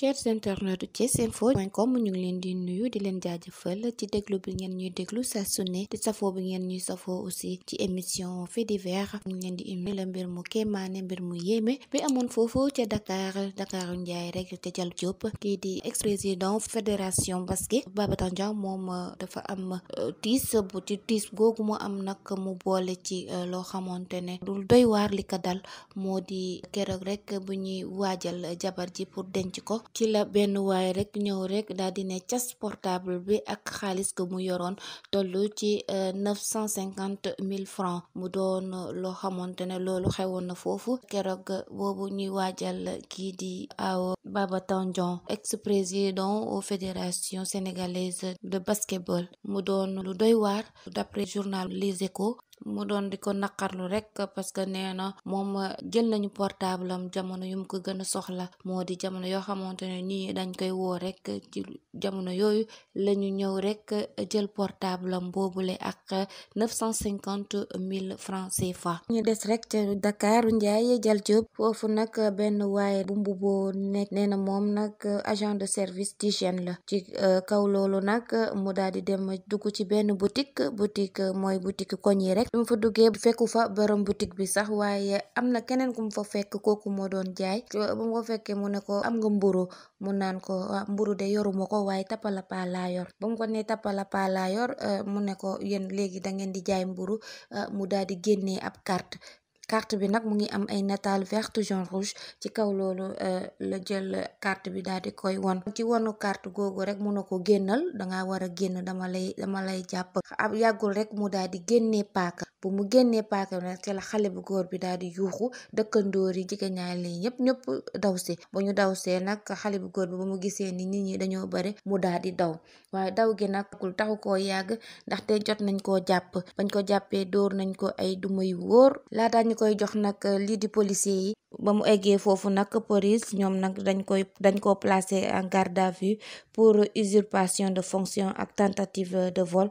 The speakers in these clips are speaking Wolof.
chers internautes du Thiès Info point com ñu ngi leen di nuyu di leen jaajëfal ci déglu bi ngeen ñuy déglu saa su ne di safoo bi ngeen ñuy safoo aussi ci émission fait divers ñu di indi mbir mu kéemaane mbir mu yéeme bi amoon foofu ca Dakar dakaaru Ndiaye rek te Jal Diop kii di ex-président fédération basket Babacar Ndiaye moom euh, dafa am euh, tiis bu ci tiis googu mu am nag mu boole ci euh, loo xamante ne du doy waar li ko dal moo di keroog rek bu ñuy waajal jabar ji pour denc ko. ci la benn waay rek ñëw rekk daal di ne cas portable bi ak xaalis ga mu yoroon toll ci euh, neuf cent cinquante mille francs mu doon loo xamante ne loolu xewoon na foofu keroog boobu ñuy waajal kii di aw Baba Tandian ex président au fédération sénégalaise de basketball mu doon lu doy waar d'après journal Les Échos mu doon di ko naqarlu rek parce que nee na moom jël nañu portable am jamono yu mu ko gën a soxla moo di jamono yoo xamante ne nii dañ koy woo rek ci jamono yooyu la ñu ñëw rek jël portable am boobule ak neuf cinquante mille francs CFA. ñu des rek ca Dakar Ndiaye Jal Diop nag benn waaye bu mbubboo nee na moom nag agent de service d'hygiène la ci euh, kaw loolu nag mu daal di dem dugg ci benn boutique boutique mooy boutique koñ yi rek. mu fa duggee fekku fa borom boutique bi sax waaye am na keneen ku mu fa fekk kooku moo doon jaay bu mu ko fekkee mu ne ko am nga mburu mu naan ko mburu de yoruma ko waaye tapalapaa laa yor ba mu ko ne tapalapaa laa yor eh, mu ne ko yéen léegi da ngeen di jaay mburu eh, mu daal di génnee ab carte carte bi nag mu ngi am ay nataal vert jaune rouge ci kaw loolu euh, la jël carte bi daal di koy won ci wonu carte googu rek mun na ko génnal danga war a génn dama lay dama lay jàpp ab yàggul rekk mu daal di génnee paaka bu mu génnee paaka rek ci xale bu góor bi daal di yuuxu dëkkandoor yi jigéen ñaale ñëpp ñëpp daw si ba ñu daw see nag xale bu góor bi ba mu gisee ni nit ñi dañoo bëri mu daal di daw waaye daw gi nag taxu koo yàgg ndaxte jot nañ ko jàpp bañ ko jàppee dóor nañ ko ay duma yu wóor laa koy jox nag eh, lii di policier yi ba mu eggee foofu nag police ñoom nag dañ koy dañ ko placer en garde à vue pour usurpation de fonction ak tentative de vol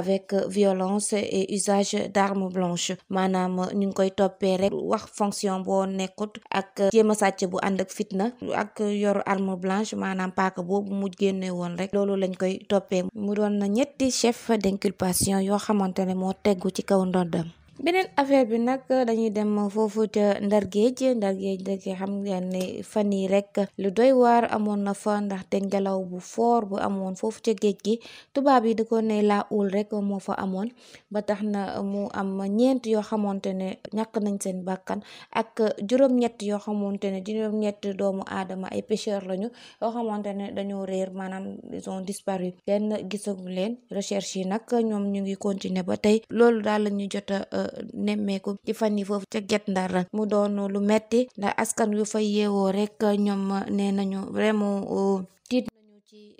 avec violence et usage d'armes blanches maanaam ñu ngi koy toppee rek wax fonction boo nekkut ak jéem a sàcc bu ànd ak fitna ak yor arme blanche maanaam paaka boobu mu génnee woon rek loolu lañ koy toppee mu doon na ñetti chef d'inculpation yoo xamante ne moo teggu ci kaw ndoddam beneen affaire bi nag dañuy dem foofu ca Ndar Géej Ndar Géej rek xam ngeen ne fan yi rek lu doy waar amoon na fa ndaxte ngelaw bu foor bu amoon foofu ca géej gi tubaab yi di ko ne la houle rek moo fa amoon ba tax na mu am ñeent yoo xamante ne ñàkk nañ seen bàkkan ak juróom-ñett yoo xamante ne juróom-ñett doomu aadama ay pêcheurs lañu yoo xamante ne dañoo réer maanaam ils ont disparu kenn gisagu leen recherche yi nag ñoom ñu ngi continuer ba tey loolu daal la ñu jot euh, nemmeeku ci fan foofu ca Guet ndara mu doon lu metti ndax askan yu fa yeewoo rek ñoom nee nañu vraiment euh, tiit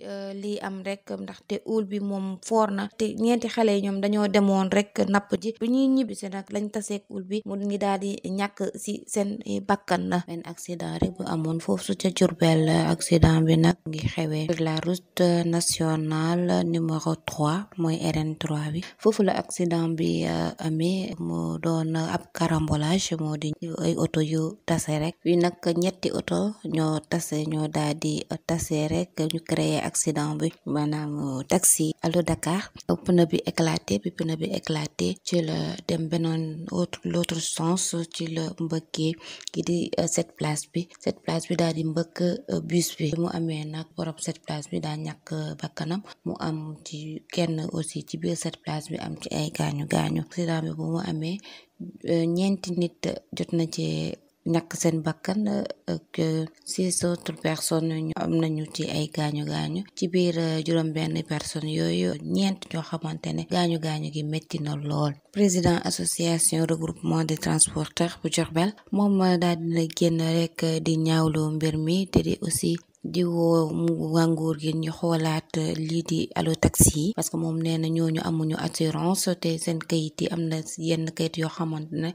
Euh, lii am rek ndaxte uul bi moom foor na te ñeenti xale yi ñoom dañoo demoon rek napp ji bu ñuy ñibbisi nag lañ taseeg uul bi mu ngi daal di ñàkk si seen bakkan na benn accident rek bu amoon foofu su ca Jurbel accident bi nag ngi xewee la route nationale numéro 3 mooy rn bi foofu la accident bi euh, amee mu doon ab carambolage moo di ay oto yu tase rek wi nag ñetti oto ñoo tase ñoo daal di tase rek ñu créer accident bi maanaam euh, taxi allo Dakar pneu bi éclaté bi pneu bi éclaté ci la dem benoon autre l'autre sens ci la mbëkkee ki di euh, cette place bi cette place bi daal di mbëkk euh, bus bi mu amee nag borom cette place bi daa ñakk bakkanam mu am ci kenn aussi ci biir cette place bi am ci ay gaañu gaañu accident bi bu mu amee ñeenti nit jot na ci ñàkk seen bakkan ak six autres personnes ñu am nañu ci ay gaañu gaañu ci biir juróom-benn personnes yooyu ñeent ñoo xamante ne gaañu gaañu gi métti na lool. président association regroupement des transporteurs bu Diourbel moom daal dina génn rek di ñaawlu mbir mi te di aussi. di woo waa nguur gi ñu xoolaat lii di allo taxi yi parce que moom nee na ñooñu amuñu assurance te seen kayit yi am na yenn kayit yoo xamante ne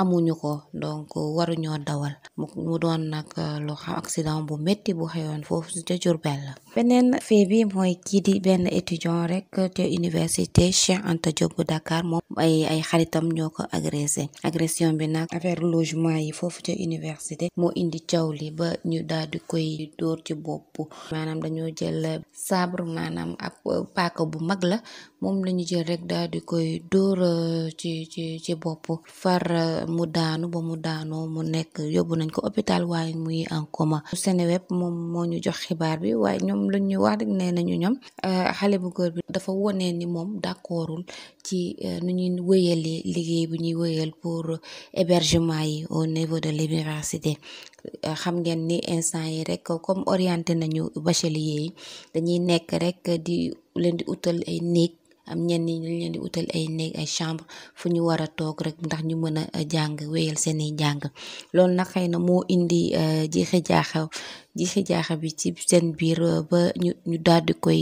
amuñu ko donc waruñoo dawal mu doon nag euh, lu xam accident bu métti bu xewoon foofu ca Diourbel la beneen fee mooy kii di benn étudiant rek te université Cheikh Anta Diop Dakar moom ay ay xaritam ñoo ko agressé agression bi nag affaire logement yi foofu ca université moo indi coow li ba ñu daal di koy door ci bopp maanaam dañoo jël sabre maanaam ab euh, paaka bu mag la moom lañu jël rek daal di koy dóor euh, ci ci ci bopp far mu daanu ba mu daanoo mu nekk yóbbu nañ ko hôpital waaye muy en coma Seneweb moom moo ñu jox xibaar bi waaye ñoom lu ñu wax rek nee nañu ñoom euh, xale bu góor bi dafa wonee ni moom d'accordul ci euh, nu ñuy wéyale liggéey bi ñuy wéyal pour hébergement yi au niveau de l'université euh, xam ngeen ni instant yi rek comme orienté nañu bachelier yi dañuy nekk rek di leen di utal ay néeg am ñenn ñi ñu leen di utal ay néeg ay chambre fu ñu war a toog rek ndax ñu mën a jàng wéyal seen i jàng loolu nag xëy na moo indi euh, jiixi jaaxaw gise jaaxa bi ci seen biir uh, ba ñu ñu daal di koy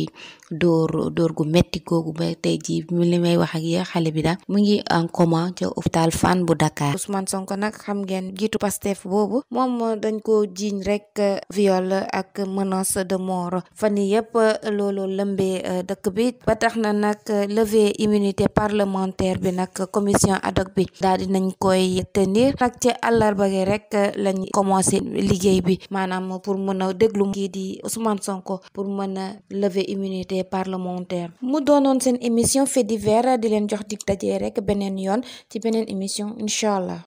dóor dóor gu metti googu ba tey ji mu li may wax ak yéen xale bi daal mu ngi en coma ca hôpital Fann bu Dakar Ousmane Sonko nag xam ngeen jiitu Pastef boobu moom dañ ko jiiñ rek uh, viol ak menace de mort fan yi yëpp uh, loolu lëmbee dëkk bi ba tax na nag levée immunité parlementaire bi nag commission ad hoc bi daal di nañ koy tenir nag ci àllarba gi rek lañ commencé liggéey bi maanaam pour mu naw déglu kii di Ousmane Sonko pour mën a lever immunité parlementaire mu doonoon seen émission fait divers di leen jox dig dajee rek beneen yoon ci beneen émission incha allah.